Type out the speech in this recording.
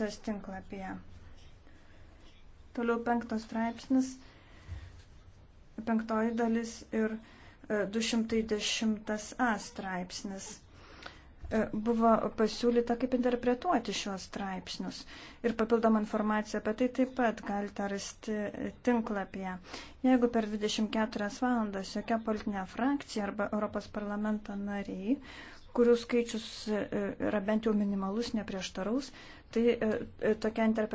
šios tinklapyje. Toliau penktos straipsnis, penktoji dalis ir 210a e, straipsnis. E, buvo pasiūlyta, kaip interpretuoti šios straipsnius. Ir papildomą informaciją apie tai taip pat galite rasti tinklapyje. Jeigu per 24 valandas jokia politinė frakcija arba Europos parlamento nariai, kurių skaičius e, yra bent jau minimalus, neprieštaraus, tai e, tokia interpretacija.